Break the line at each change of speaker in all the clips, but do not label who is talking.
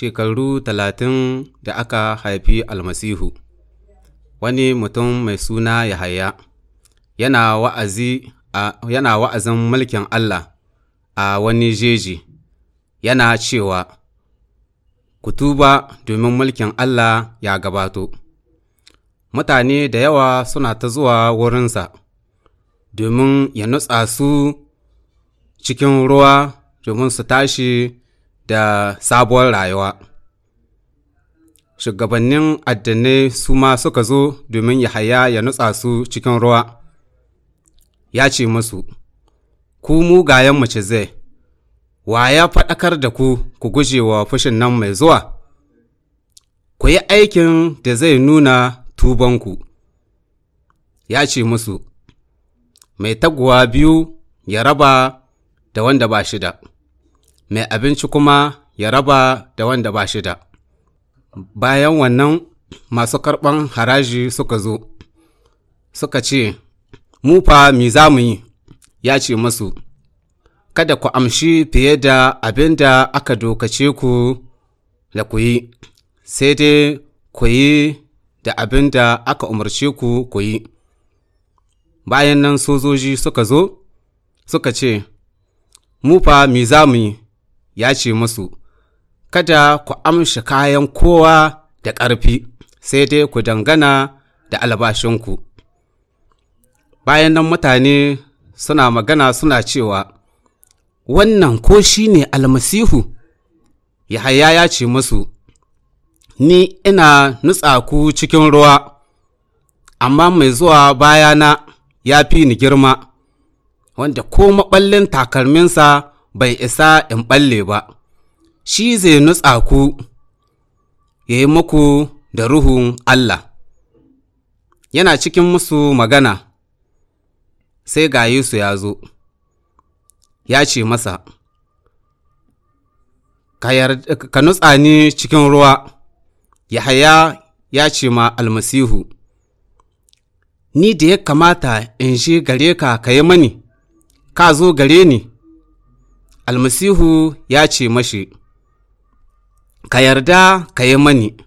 shekaru talatin da aka haifi almasihu wani mutum mai suna yahaya yana yana wa'azin mulkin Allah a wani jeji yana cewa ku tuba domin mulkin Allah ya gabato mutane da yawa suna ta zuwa wurinsa domin ya nutsa su cikin ruwa domin su tashi da sabuwar rayuwa shugabannin addinai su ma suka zo domin ya haya ya nutsa su cikin ruwa ya ce musu ku mugayen mace zai wa ya faɗakar da ku ku guje wa fushin nan mai zuwa ku yi aikin da zai nuna tubanku ya ce musu mai taguwa biyu ya raba da wanda ba shida mai abinci kuma ya raba da wanda ba shi da. Bayan wannan masu karɓan haraji suka zo, suka ce, Mu mi za mu yi, ya ce masu, Kada ku amshi fiye da abin da aka dokace ku da ku yi, sai dai ku yi da abin da aka umarce ku ku yi. Bayan nan sojoji suka zo, suka ce, mufa fa mi za mu yi, ya ce musu, Kada ku amshi kayan kowa da ƙarfi, sai dai ku dangana da albashinku. Bayan nan mutane suna magana suna cewa, Wannan ko shi ne almasihu, Yahaya ya ce musu, Ni ina nutsa ku cikin ruwa, amma mai zuwa bayana ya fi ni girma, wanda ko maɓallin takalminsa bai isa in ɓalle ba, shi zai nutsa ku ya yi muku da Ruhun Allah. Yana cikin musu magana, sai ga Yesu ya zo, ya ce masa, Ka nutsa ni cikin ruwa, Yahaya ya ce ma almasihu, Ni da ya kamata in shi gare ka ka yi mani, ka zo gare ni. almasihu ya ce mashi ka yarda ka yi mani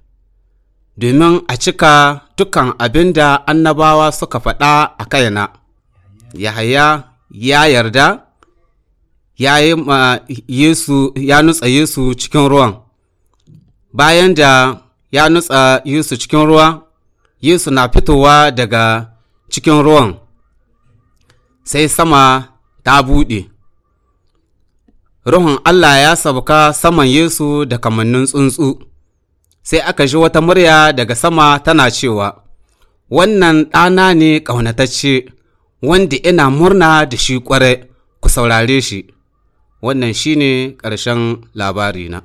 domin a cika dukan abin da annabawa suka faɗa a kayana yahaya ya yarda ya yi ma yesu ya nutsa yesu cikin ruwan bayan da ya nutsa yesu cikin ruwa yesu na fitowa daga cikin ruwan sai sama ta buɗe Ruhun Allah ya sauka saman Yesu da kamannin tsuntsu, sai aka ji wata murya daga sama tana cewa, Wannan ɗana ne ƙaunatacce, wanda ina murna da shi ƙware, ku saurare shi. Wannan shi ne ƙarshen labarina.